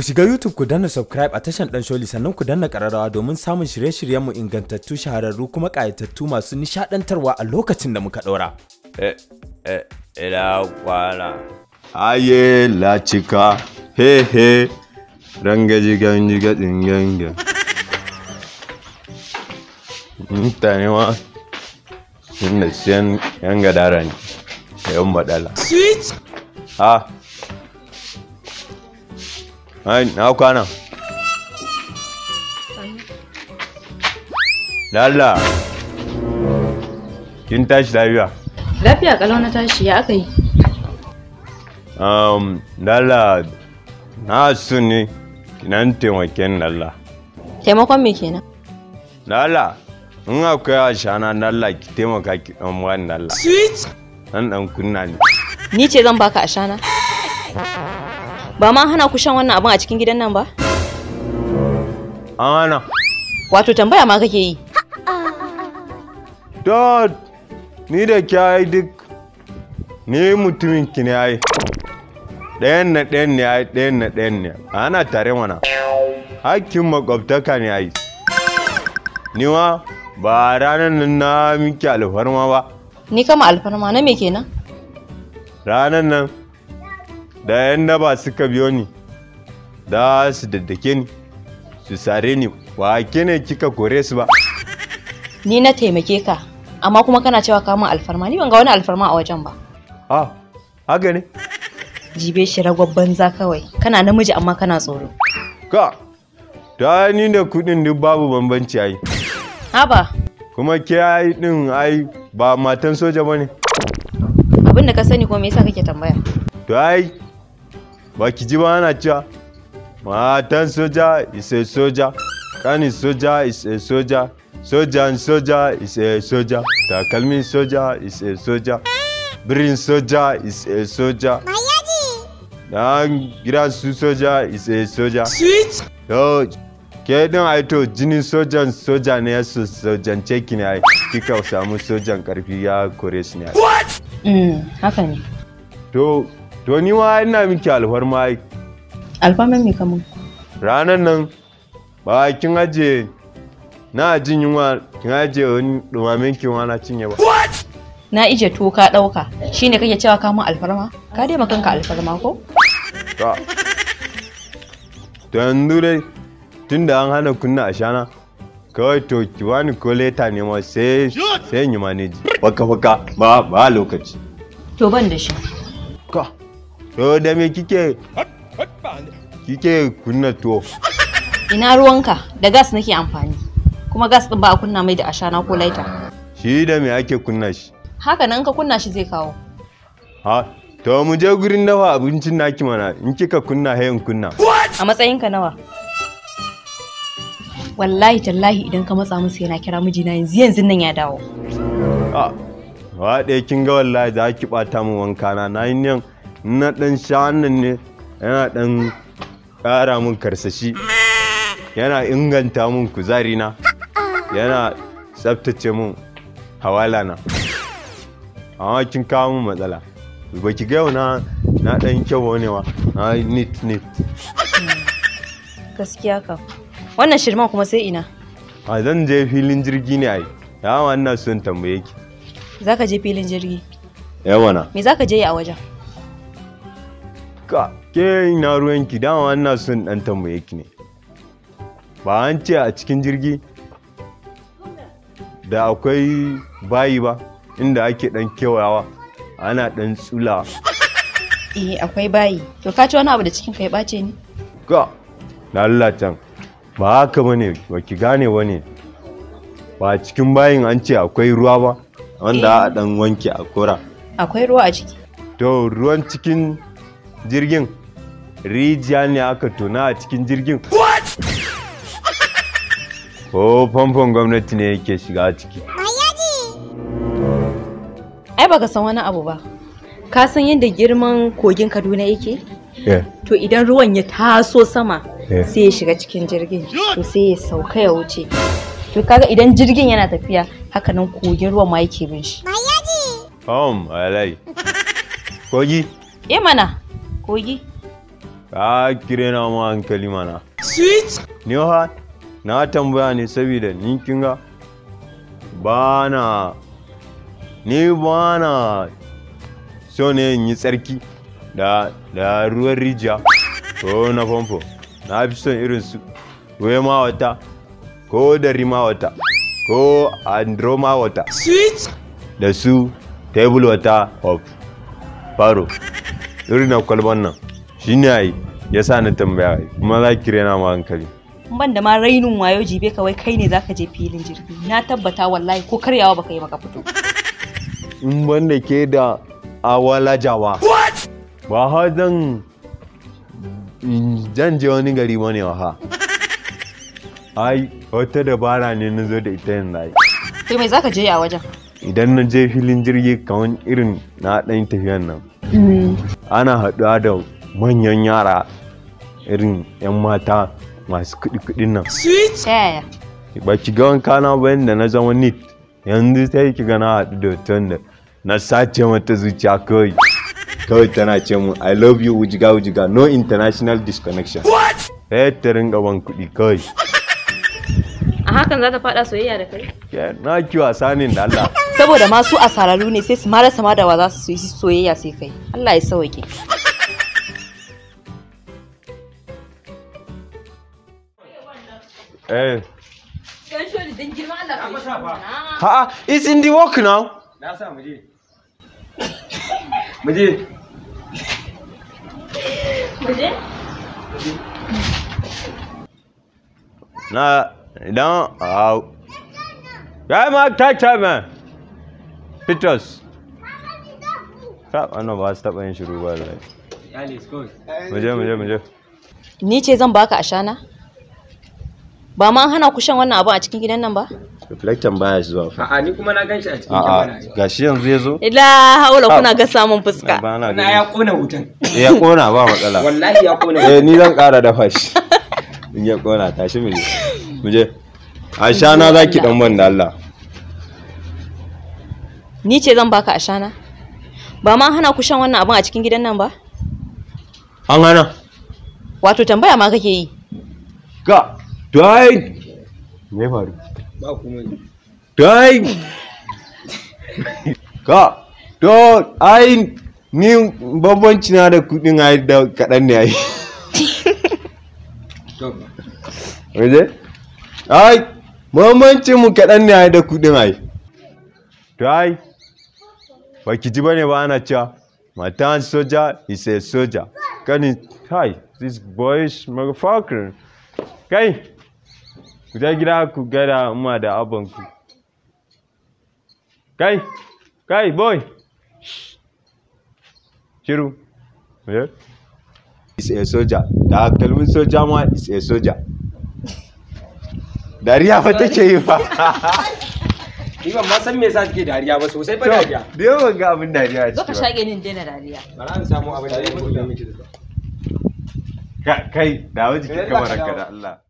Ku shiga YouTube ku danna subscribe a tashan Dan Sholi sannan ku danna ƙararrawa domin samun shirye-shiryenmu ingantattu shahararru kuma ƙayatattu masu nishaɗantarwa a lokacin da muka ɗora. Eh, eh, Ila kwana. Aye la cika he he rangaji ganji jiga ganga. Mutane ma sun siyan yan gadara ne da yan badala. Switch! Ha! Ai, na kwana. Lalla. Kin tashi lafiya? Lafiya kalau na tashi ya aka yi. Um, Lalla, na su ne, kinan taimakon Lalla. Taimakon me kenan? Lalla, in akwai ashana Lalla ki taimaka ki ɗan wani Lalla. Sweet! Nan ɗan kunna ne. Ni ce zan baka ashana? Ba ma hana ku shan wannan abin a cikin gidan nan ba? Ana. Wato tambaya ma kake yi. Dad, ni da kyayi duk ni mutumin ki ne ai. Ɗayan na ɗayan ne ai, ɗayan na ɗayan ne. Ana tare mana. Hakkin makwabtaka ne ai. Ni ma ba ranar nan na miki alfarma ba. Ni kama alfarma na me kenan? Ranar nan da yan daba suka biyo ni da su daddake ni su sare ni ba ke ne kika kore su ba ni na taimake ka amma kuma kana cewa ka alfarma ni ban ga wani alfarma a wajen ba A, haka ne jibe shi ragwab banza kawai kana namiji amma kana tsoro ka ta ni da kudin duk babu bambanci ai haba kuma ke ai din ai ba matan soja bane abin da ka sani kuma me yasa kake tambaya to ai ba ki ji ba ana cewa matan soja is a soja kani soja is a soja sojan soja is a soja takalmin soja is a soja birin soja is a soja na gidan su soja is a soja to ke din aito to jinin sojan soja ne ya su sojan ceki ne ai kika samu sojan karfi ya kore su ne ai mm, haka ne to to ni ma ina miki alfarma ai Alfarma me kamun ranan nan ba kin aje na jin yunwa kin aje wani dumamen kin na cinye ba na ije to ka dauka shine kake cewa ka mun alfarma ka dai makanka alfarma ko to to yanzu dai tunda an hana kunna ashana kawai to ki bani ko leta ne ma sai sai yi maneji baka baka ba ba lokaci to ban da shi ka To da me kike? Kike kunna tuwo. Ina ruwanka da gas nake amfani. Kuma gas din ba a kunna mai da ashana ko laita. Shi da me ake kunna shi? Haka nan ka kunna shi zai kawo. Ha, to mu je gurin dafa abincin naki mana in kika kunna hayan kunna. A matsayinka nawa? Wallahi tallahi idan ka matsa musu yana kira mijina yanzu yanzu nan ya dawo. A, wa ɗaya kin ga wallahi za ki ɓata min wanka na na yin na ɗan sha ne yana ɗan ƙara min karsashi yana inganta min kuzari na yana tsaftace min hawala na amma kin kawo min matsala ba ki gaya na na ɗan kyau ne wa na nit nit gaskiya ka, wannan shirman kuma sai ina a zan je filin jirgi ne ai yawa ina son tambaye ki za ka je filin jirgi yawa na me za ka je a wajen duka ke na ruwanki dama ana son ɗan tambaye ki ne ba an ce a cikin jirgi da akwai bayi ba inda ake ɗan kewayawa ana ɗan tsula eh akwai bayi to ka ci wani abu da cikin kai bace ɓace ni ka na lalatan ba haka bane ba ki gane wani ba cikin bayin an ce akwai ruwa ba wanda eh. a ɗan wanke a akwai ruwa a ciki to ruwan cikin jirgin rijiya ne aka tona a cikin jirgin ko famfon gwamnati ne yake shiga ciki ai baka san wani abu ba ka san yadda girman kogin kaduna yake eh. to idan ruwan ya taso sama eh. sai ya shiga cikin jirgin to sai ya sauka ya wuce to kaga idan jirgin yana tafiya hakanan kogin ruwan ma yake bin shi um alai kogi eh mana Kogi? Ka kire na mu hankali mana. Sweet! Ni ha, na tambaya ne saboda ni kinga ba na, ni ba na so ne in yi tsarki da, da ruwan rijiya ko na famfo. Na fi son irin su ma wata ko dari ma wata ko androma wata. Sweet! Da su table wata of faro. irin na kwalban nan shi ne ai ya sa ni tambaya kuma za ki rena ma hankali ban da ma rainin wayo jibe kawai kai ne zaka je filin jirgi na tabbata wallahi ko karyawa baka yi maka fito in ban da ke da awala jawa ba zan zan je wani gari ba ne ha ai wata dabara ne na zo da ita yanzu ai kai mai zaka je a wajen idan na je filin jirgi kawai irin na ɗan tafiyan nan ana haɗuwa da manyan yara irin 'yan mata masu kuɗi-kuɗin nan ba ki ga wanka na bayan da na zama nit yanzu sai ki gana haɗu da hoton da na sace mata zuciya kawai kawai tana ce mu i love you wujiga wujiga no international disconnection sai ta ringa ban kuɗi kawai a hakan za ta fada soyayya da kai na ki wasa ne da Allah saboda ma su asararu ne sai su marasa ma da wa za su yi soyayya sai kai Allah ya sauke eh ah. Ha, is in the work now. Na sa mu je. Mu je. Mu je? Na Idan au. Ah, ya ma ta ce ma. Peters. Ta wannan ba su taɓa yin shiru ba wallahi. Muje muje muje. Ni ce zan baka ashana? Ba ma hana ku shan wannan abu a cikin gidan nan ba? reflectan baya zuwa fa a'a ni kuma na ganshi a cikin kamera gashi yanzu ya zo ila haula kuna ga samun fuska na ya kona wutan eh, ya kona ba matsala wallahi ya kona eh ni zan kara dafa shi in ya kona tashi mu muje ashana za ki dan ban Allah ni ce zan baka ashana ba ma hana ku shan wannan abin a cikin gidan nan ba an hana wato tambaya ma kake yi ga dai me faru ba kuma dai ka to ai ni bambanci na da kudin ai da kadan ne ai Oye, ai muhimmancin mu kaɗan ne da kuɗin ai to ai ba ki ji bane ba ana cewa matan soja is a soja kani hi, this boy is motherfucker kai ku je gida ku gada umma da ku. kai kai boy shiru eh? is a soja da kalmin soja ma is a soja dariya ba take yi ba ni ban ma san me yasa take dariya ba sosai ba dariya da yau ban ga abin dariya a ciki ba ka shage ni dena dariya bara an samu abin da ko da miki da kai dawo jikin kamar ka da Allah